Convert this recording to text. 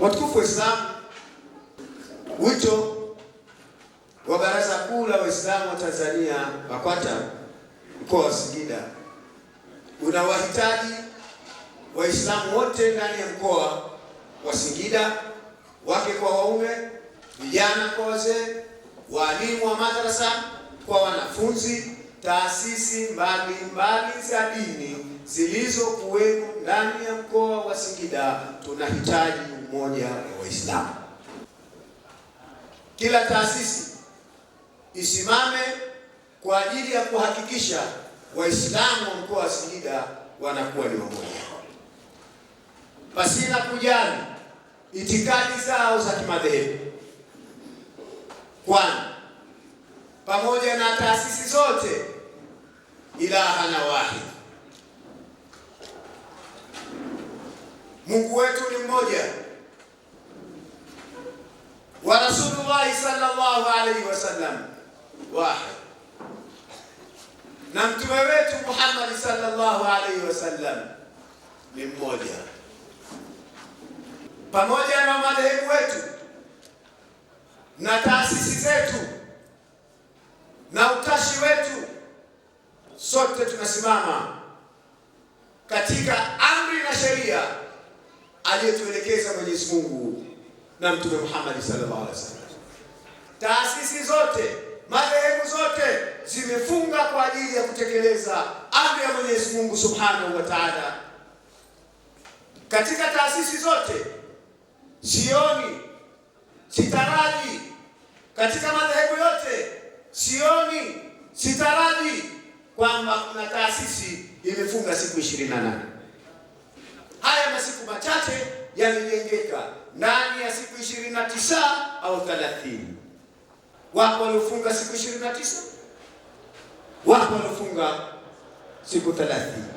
Watukufu Waislamu, wito wa Baraza Kuu la Waislamu wa Tanzania BAKWATA mkoa wa Singida unawahitaji Waislamu wote ndani ya mkoa wa Singida, wake kwa waume, vijana kwa wazee, walimu wa madrasa kwa wanafunzi, taasisi mbalimbali za dini zilizokuweko ndani ya mkoa wa Singida, tunahitaji umoja wa Waislamu. Kila taasisi isimame kwa ajili ya kuhakikisha Waislamu wa mkoa wa Singida wanakuwa ni wamoja, pasina kujali itikadi zao za kimadhehebu, kwani pamoja na taasisi zote ilaha na wahid Mungu wetu ni mmoja wa Rasulullah sallallahu alaihi wasallam wahid, na mtume wetu Muhammad sallallahu alaihi wasallam ni mmoja, pamoja na madhehebu wetu na taasisi zetu na utashi wetu, sote tunasimama katika amri na sheria aliyetuelekeza Mwenyezi Mungu na Mtume Muhammad sallallahu alaihi wasallam. Taasisi zote, madhehebu zote zimefunga kwa ajili ya kutekeleza amri ya Mwenyezi Mungu Subhanahu wa Ta'ala. Katika taasisi zote sioni, sitaraji katika madhehebu yote sioni, sitaraji kwamba kuna taasisi imefunga siku 28 yamejengeka ndani ya siku ishirini na tisa au thelathini. Wako waliofunga siku ishirini na tisa, wako waliofunga siku thelathini.